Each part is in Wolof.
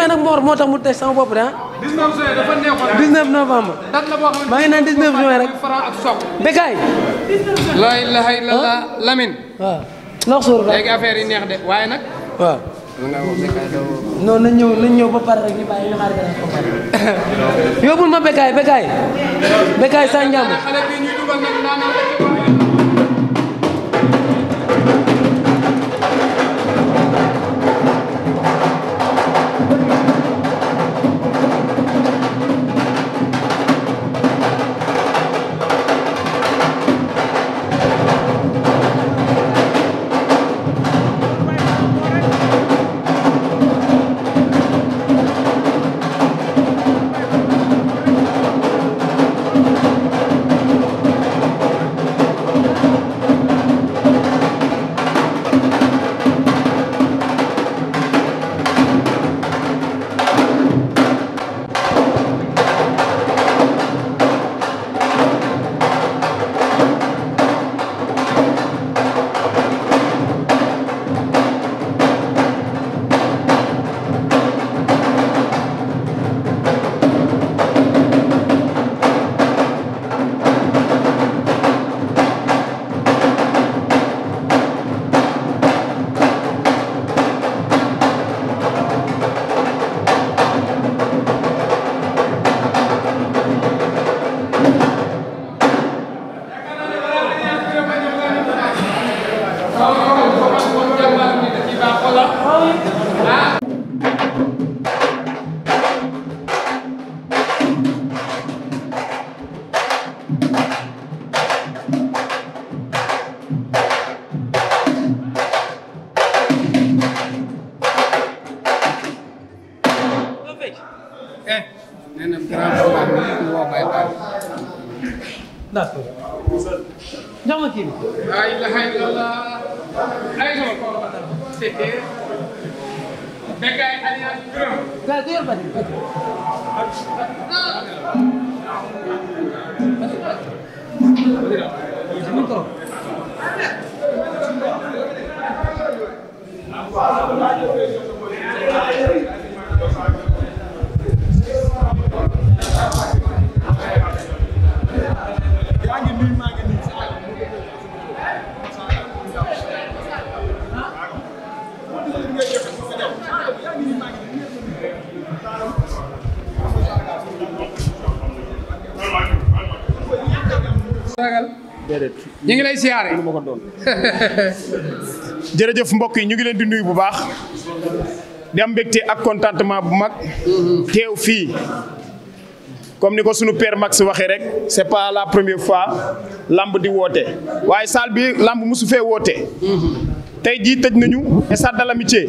juin nag moo moo tax mu teg sama bopp de ah. 19 juin novembre. date naan 19 juin rek. Bécaye. laa ilaaha illallah Lamine. waaw ndax suur la léegi affaire yi neex de waaye nag. waaw. non ba pare rek ñu bàyyi ñu xaar gën a ko société Bécaye Alliance Birame ragal ñu ngi lay siyaare jërëjëf mbokk yi ñu ngi leen di nuyu bu baax di am ak contentement bu mag mm-hmm. teew fii comme ni ko sunu père Max waxee rek c'est pas la première fois lamb di woote waaye salle bi lamb musu fee woote mm-hmm. tey jii tëj nañu stade de l'amitié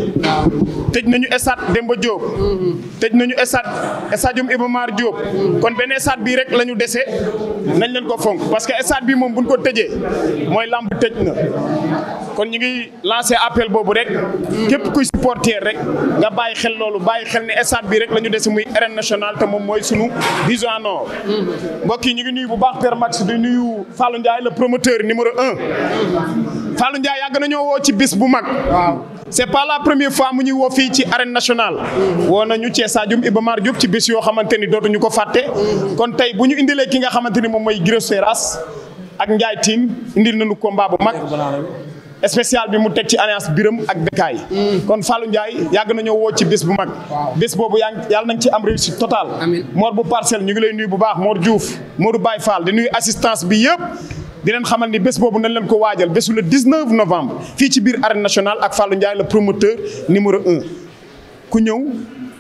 tëj nañu stade Demba Diop tëj nañu stade stadium Iba Mar Diop kon benn stade bii rek la ñu dese nañ leen ko fonk parce que stade bii moom buñ ko tëjee mooy làmb tëj na kon ñu ngi lancé appel boobu rek képp kuy supporter rek nga bàyyi xel loolu bàyyi xel ne stade bi rek la ñu dese muy arène national te moom mooy sunu vision en or. mbokk yi ñu ngi nuyu bu baax Père Max di nuyu Fallou Ndiaye le promoteur numéro un. Fallou Ndiaye yàgg nañoo woo ci bis bu mag. waaw c'est pas la première fois mu ñuy woo fii ci arène national woo nañu ci Sadium Iba Mar Diop ci bis yoo xamante ni dootuñu ko fàtte. kon tey bu ñu indilee ki nga xamante ni moom mooy Giro Seras ak Ndiaye Tine indil nañu combat bu mag. spécial bi mu teg ci alliance biram ak Bécaye kon Fallou Ndiaye yàgg nañoo woo ci bis bu mag bis boobu yaa ngi yàlla nañ ci am réussite totale Mor bu parcelle ñu ngi lay nuyu bu baax moor Diouf moor Baye Fall di nuy assistance bi yëpp di leen xamal ni bés boobu nañ leen ko waajal bésu le 19 novembre fii ci biir arène nationale ak Fallou Ndiaye le promoteur numéro un ku ñëw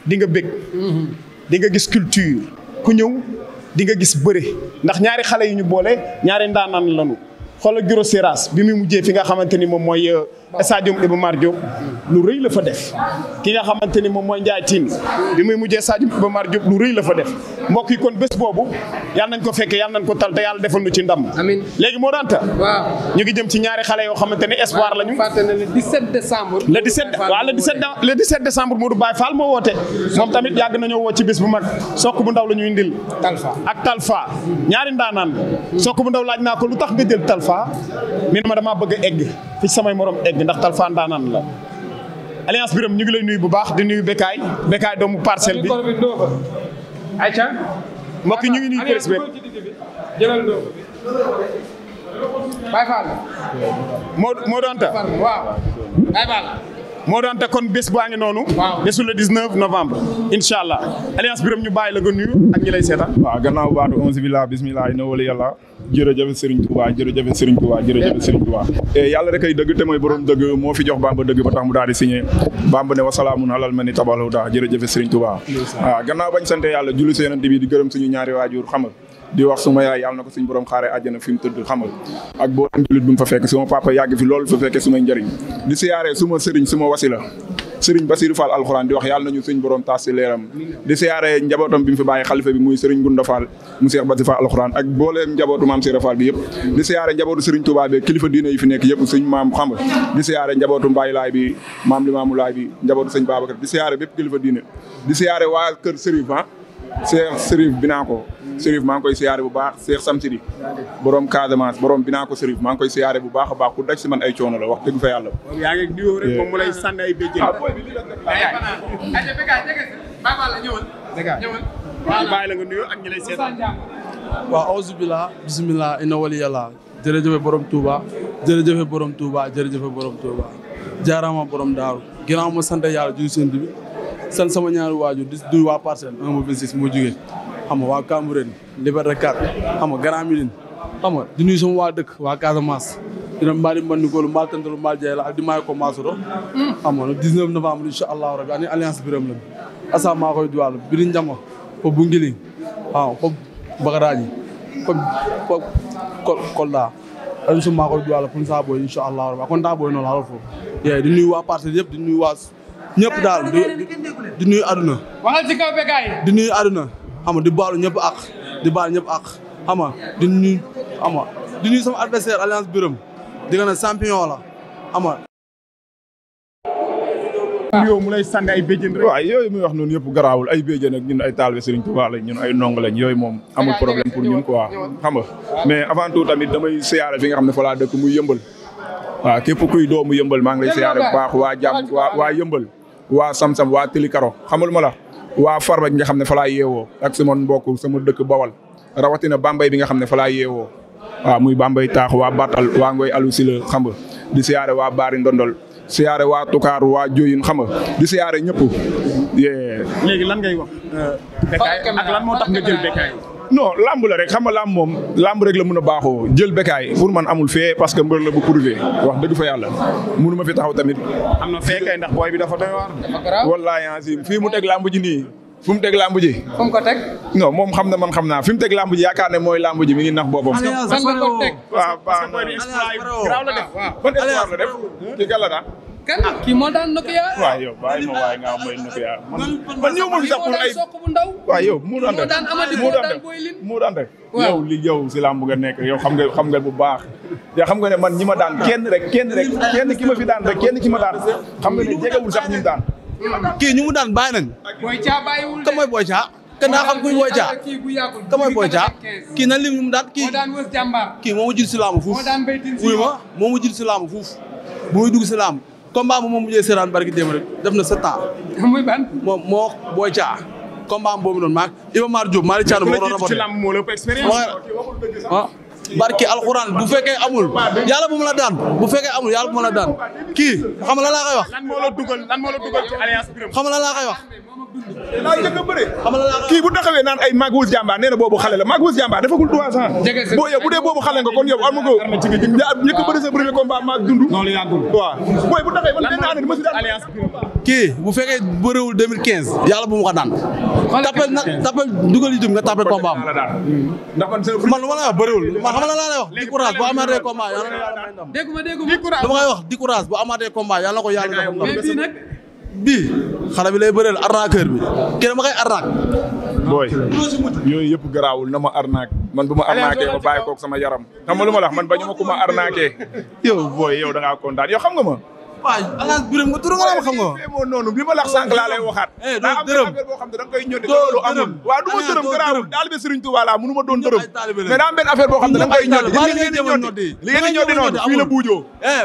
di nga bég mm-hmm. di nga gis culture ku ñëw di nga gis bëre ndax ñaari xale yi ñu boole ñaari ndaanaan lanu xoolal Giro Seras bi muy mujjee fi nga xamante ni moom euh, stadium Iba Mar Diop lu rëy la fa def ki nga xamante ni moom mooy Ndiaye Tine bi muy mujjee stadium Iba Mar Diop lu rëy la fa def mbokk yi kon bés boobu yal nañ ko fekkee yal nañ ko tal te yàlla defal nu ci ndam amiin léegi moo daan ngi jëm ci ñaari xale yoo xamante ne espoir lañu le 17 décembre le 17 waaw le 17 le 17 décembre Modou Baye Fall moo woote moom tamit yàgg nañoo woo ci bés bu mag sokk bu ndaw la ñu indil Talfa ak Talfa ñaari ndaanaan sokk bu ndaw laaj naa ko lu tax nga jël Talfa mi ne ma damaa bëgg egg fi samay morom egg ji ndax Talfa ndaanaan la alliance Birame ñu ngi lay nuyu bu baax di nuyu Bekaay Bekaay doomu parcelle bi. ayca. mbokk ñu ngi nuyu presse bi jëlal doo Baye Fall moo moo doonta waaw Baye Fall moo doonta kon bés baa ngi noonu bésu le novembre incha alliance Birame ñu bàyyi la nga nuyu ak ñi lay seetaan waaw gannaaw baatu onze billah bismillah ina yàlla jërëjëf Serigne Touba jërëjëf Serigne Touba jërëjëf Serigne Touba eh, yàlla rek ay dëgg te mooy borom dëgg moo fi jox Bamba dëgg ba tax mu daal di signé Bamba ne wasalaamun alal mani tabalu daa jërëjëf Serigne Touba waaw ah, gannaaw bañ sante yàlla julli si yonent bi di gërëm suñu ñaari waajur xamal di wax suma yaay yàlla na ko suñu borom xaare àjjana fi mu tëdd xamal ak boo jullit bu mu fa fekk suma papa yàgg fi loolu fa fekkee sumay njëriñ di siyaare suma sëriñ suma wasila Serigne Bassirou Fall alxuraan di wax yàlla nañu suñ borom taas si leeram di siyaare njabootam bi mu fi bàyyi xalifa bi muy Serigne Gunda Fall mu Cheikh Bassirou Fall alxuraan ak booleem njabootu maam Sira Fall bi yëpp di siyaare njabootu Serigne Touba bi kilifa diine yi fi nekk yëpp suñ maam xam di siyaare njabootu Mbaye Laay bi maam Limaamu Laay bi njabootu sëñ Babacar di siyaare bépp kilifa diine di siyaare waa kër Serigne Cheikh Serif Binaako Serif maa ngi koy siyaare bu baax Cheikh Samsidi borom Casamance borom Binaako Serif maa ngi koy siyaare bu baax a baax ku daj si man ay coono la wax dëgg fa yàlla. yaa ngi nuyoo rek moom mu lay sànni ay béjjén. bàyyi la nga nuyoo billah bismillah inna wali yàlla jërëjëfe borom Touba jërëjëfe borom Touba jërëjëfe borom Touba jaaraama borom daaru ginnaaw ma sant yàlla julli seen bi sant sama ñaari waajur di duy waa parcelle un ba vingt-six moo jógee xam waa Cambérène Liberté 4 xam nga Grand Médine xam nga waa dëkk waa Casamance dina mbaa di mbanni koolu mbaa tantalu mbaa jaay la di maay ko maasoro xam nga le 19 novembre incha allahu rabi ani alliance biram la asa maa koy duwaal biri njama fo bungiling waaw fo bagaraaji fo fo Kolda so maa koy duwaal pon sa boy incha allahu rabi a konta boy noon haala fof yeeyi di nuyu waa parcelle ñëpp daal di nuy àdduna. waxal di nuyu àdduna xam di baalu ñëpp ak di baalu ñëpp ak xam nga di nuyu xam nga di nuyu sama adversaire alliance Birame di nga champion la xam nga. yow mu lay sànni ay béjjén rek. waaw yooyu muy wax noonu yëpp garaawul ay béjjén ak ñun ay taalibe Serigne Touba ñun ay ndong yooyu moom amul problème pour ñun ko xam nga mais avant tout tamit damay siyaare bi nga xam ne fa laa dëkk muy yëmbal. waaw képp kuy doomu yëmbal maa ngi lay siyaare bu baax waa jàmm waa waa waa Samsam waa Tilikaro xamul ma la waa Farba bi nga xam ne fa laa yeewoo ak sama mbokk sama dëkk Bawal rawatina ba mbay bi nga xam ne fa laa yeewoo waaw muy Bambey taax waa Batal waa Ngoy Aliou si la xam nga di siyaare waa Baari Ndondol siyaare waa Tukaar waa Joyin xam nga di siyaare ñëpp. moo tax no lamb la rek xam nga lamb moom lamb rek la mun a baaxoo jël békaay pour man amul fee parce que mbër la bu prouvé wax dëgg fa yàlla mënu ma fi taxaw tamit. am na fee kay ndax booy bi dafa doy waar. wallaahi azim fii mu teg lamb ji nii. fu mu teg lamb ji. fu mu ko teg. non moom xam na man xam naa fi mu teg lamb ji yaakaar ne mooy lamb ji mi ngi nax boppam. alliance waaw waaw waaw ban espoir la def ci gàllankaan. kan ah, kii moo daan Nokia. waaw yow bàyyi ma waaye man ñëw ma fi sax pour ay ndaw. waaw yow mu daan def daan amati mu daan booy lin mu daan nekk yow xam nga xam nga bu baax. yow xam nga ne man ñi ma daan kenn rek kenn rek kenn ki ma fi daan rek kenn ki ma daan xam nga ne jegewul sax ñu daan. kii ñu mu daan bàyyi nañ booy caa bàyyiwul de. ka mooy booy caa. kan daa xam kuy booy caa ka mooy booy caa kii na lim ñu mu daan kii kii moo ma jël si làmb fuuf. wuy ma moo ma jël si làmb fuuf. bu muy dugg si combat bu moom mujjee seeraan barki démb rek def na sept ans. muy ban moom moo booy caa. combat boobu noonu maak Iba Mar Diop Malick Thiandoum moo doon raboté. barki alxuraan bu fekkee amul yàlla bu mu la daan bu fekkee amul yàlla bu mu la daan kii xam laa koy wax. lan laa koy wax. a bëre. xam nga kii bu taxawee naan ay Magwuz Jàmbaar nee na boobu xale la Magwuz Jàmbaar defagul trois ans. boo boobu xale nga kon yow am nga njëkk a bëre sa premier bu taxawee man benn année ma si daan alliance bi. kii bu fekkee bëriwul 2015 yàlla bu mu ko daan. tapel na tapel dugal yi jëm nga tapel combat am. lu ma la wax bëriwul man xam la lay wax di courage bu amaatee combat yàlla na yàlla may ndam. wax di courage bu amaatee combat na ko yàlla jox ndam. mais bii nag bi lay bëreel arnaqueur bi kii dama koy arnaque. booy yooyu yëpp garaawul na ma arnaque man bu ma arnaqué ma bàyyi koog sama yaram xam nga lu ma la wax man bañu ma ku ma arnaqué yow booy yow da ngaa kontaan yow xam nga ma. waaw Alliance Birame nga tur nga am xam nga. waaw noonu li ma lax sànq laa waxaat. Eh, doo ne da nga koy ñoddi te loolu amul. waaw du ma dërëm garaawul taalibe Serigne Touba laa mënu doon dërëm. mais daa am benn boo xam ne da ñoddi li ngeen ñoddi li ngeen di ñoddi noonu fii eh,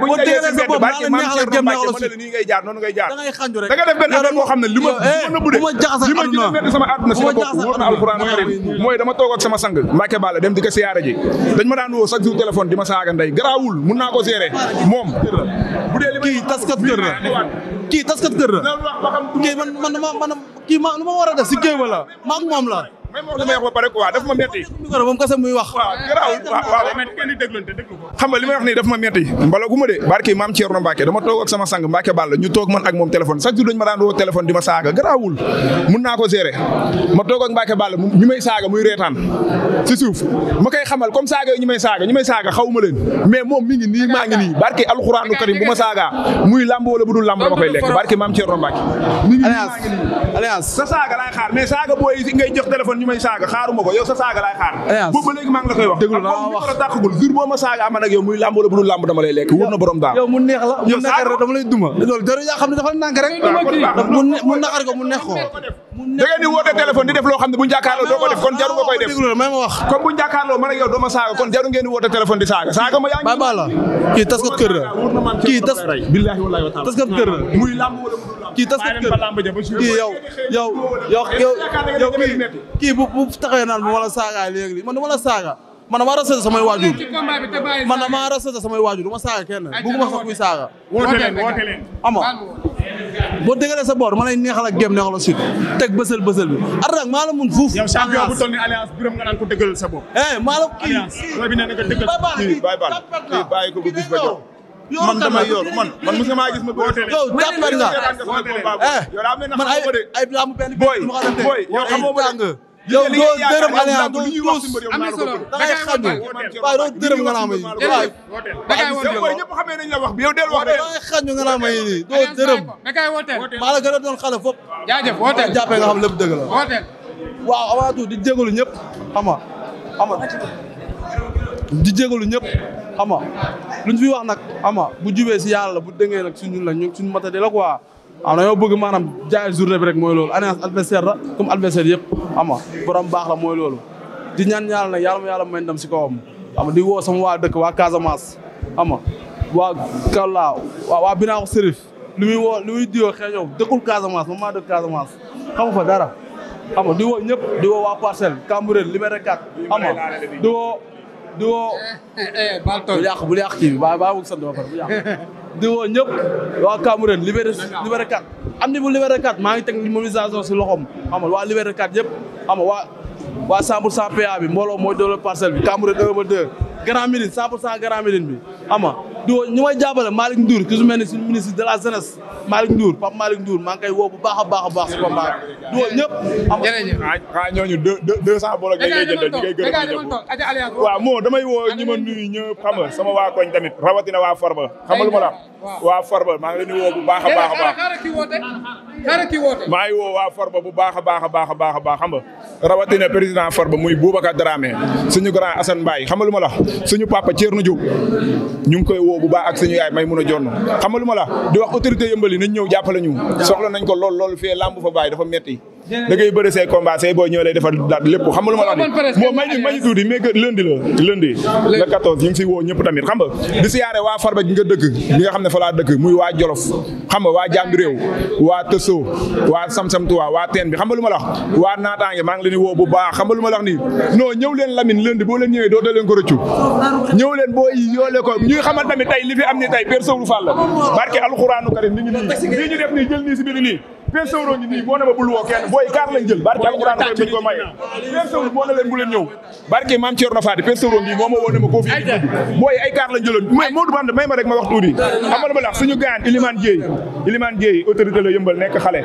bu ñu tayee si mbedd barke nii ngay jaar noonu ngay jaar. da nga def benn boo xam ne li ma mën na bu dee li ma gën a mel sama àdduna si la bokk wóor na alquran karim mooy dama toog sama sang Mbacke Balla dem ko siyaare ji dañ kii taskat kër la kii taskat kër la kii man man man kii ma lu ma war a def si géew la ma ak moom la. même wax ma wax ba pare quoi daf ma metti moom kese muy wax waaw garaaw waaw mais may wax nii daf ma metti mbala gu ma de barke maam Thierno Mbacke dama toog ak sama sang Mbacke Ball ñu toog man ak moom téléphone chaque jour dañ ma daan woo téléphone di ma saaga garaawul mun naa ko gérer ma toog ak Ball ñu may saaga muy reetaan si suuf ma koy xamal comme saaga ñu ñu may saaga xaw ma leen mais moom mi ngi nii maa ngi nii barke alxuraanu karim bu ma saagaa muy lamb wala bu dul lamb dama koy lekk barke maam Thierno ñu may saaga xaaruma ko yow sa saaga laay xaar boobu ba léegi maa wax déglu naa wax a saaga am ak yow muy làmb wala bu dama lay lekk wóor na borom daal yow mu neex la mu naqar dama lay duma loolu xam ne dafa nànk rek mu naqar ko mu neex ko da ngeen di woote téléphone di def loo xam ne bu ñu jàkkaarloo doo ko def kon jaru nga koy def comme bu ñu jàkkaarloo man ak yow doo ma saaga kon jaru ngeen woote téléphone di saaga saaga ma yaa ngi bala kii taskat kër la kii tas billahi wallahi wa kii taskat kër kii kii kii bu bu taxawee naan bu ma la du ma la saaga man damaa respecté samay waajur samay waajur ma saaga kenn bëgguma sax kuy saaga ama boo dëggalee sa boor ma lay neexal ak gem neexal sud teg bësël bësël bi ar nag maa la mun fuuf yow champion bu toll ni alliance biram nga naan ko dëggal sa bopp eh maa la kii booy bi ne na nga dëggal kii bàyyi bal kii bàyyi ko bu gis ba jox man damay yor man nga maa gis ma boote yow tàppal nga eh, man ay ay benn booy booy yow xamoo yow doo dërëm Alioune doo tuus da ngay xadu waaye doo dërëm nga may waaye. da ngay wooteel wax bi yow del wax de. da ngay xadu nga may nii doo dërëm. da ngay maa la gën a doon xale fop. jaajëf wooteel waaw jàppee nga xam lépp dëgg la. wooteel di jégalu ñëpp xam nga di jégalu ñëpp xam nga luñ fi wax nag xam nga bu jubee si yàlla bu dëngee nag suñu la ñu suñu matadi la quoi. waaw dañoo bëgg maanaam jaay journée bi rek mooy loolu alliance adversaire la comme adversaire yëpp xam nga borom baax la mooy loolu di ñaan yàlla nag yàlla ma yàlla si kawam xam di woo sama waa dëkk waa Casamance xam waa Kalla waa waa Binaaxu Serif lu muy woo lu muy diwoo xeeñoo dëkkul Casamance moom maa dëkk Casamance xam nga fa dara xam di woo ñëpp di woo waa Parcelles Cambérène Liberté 4 xam di woo di waa Cambérène Liberté Liberté andi bu Liberté 4 maa ngi teg mobilisation si loxom ama nga waa Liberté 4 yëpp xam nga waa waa 100 pour 100 PA bi mbooloo mooy doole parcelle bi Cambérène 1 ba 2 Grand Médine 100 pour 100 Grand Médine bi du ñu may jàppale Malick Ndour ki su mel ne suñu ministre de la jeunesse Malick Ndour Pape Malick Ndour maa ngi koy woo bu baax a baax a baax si combat du woo ñëpp ah, ah ñooñu deux deux cent bolok ngay ngay jëndal ñu koy gërëm ñëpp waaw moo damay woo ñi ma nuyu xam nga sama waa koñ tamit rawatina waa Farba xam nga lu ma la waa Farba maa ngi leen di woo bu baax a baax a baax maa ngi woo waa ba bu baax a baax a baax a baax a baax xam nga rawatina président ba muy Boubacar Dramé suñu grand Assane Mbaye xam nga lu ma la suñu papa Thierno Diop ñu ngi koy woo bu baax ak suñu yaay may mun a jonn xam nga lu ma la di wax autorité yëmbali nañ ñëw jàppale ñu soxla nañ ko lool lool fee lamb fa bàyyi dafa metti da ngay bëri say combat say boo ñëw lay defal daal lépp xam nga lu ma la wax moom may ñu may ñu tuuti mais que lundi la lundi le 14 ñu ngi si woo ñëpp tamit xam waa Farba gi ma la waa naataange maa ngi leen di woo bu baax xam nga lu ma la wax nii non ñëw leen Lamine lundi boo leen ñëwee dootoo leen ko rëccu ñëw leen boo yoolee ko ñuy xamal tamit tey li fi am ni tey Père Sow Fall barke alxuraanu karim nii ñu def nii jël nii si biir nii peesewro ngi nii moo ma bul woo kenn booy kaar lañ jël barke alxuraan dañ ko maye peesewro moo ne leen bu leen ñëw barke maam Thierno Fadi peesewro ngi moo ma ma koo fi booy ay kaar lañ jëloon may Modou may ma rek ma wax tuuti xam nga ma la gaan Ilimane Dieye Ilimane Dieye autorité la yëmbal nekk xale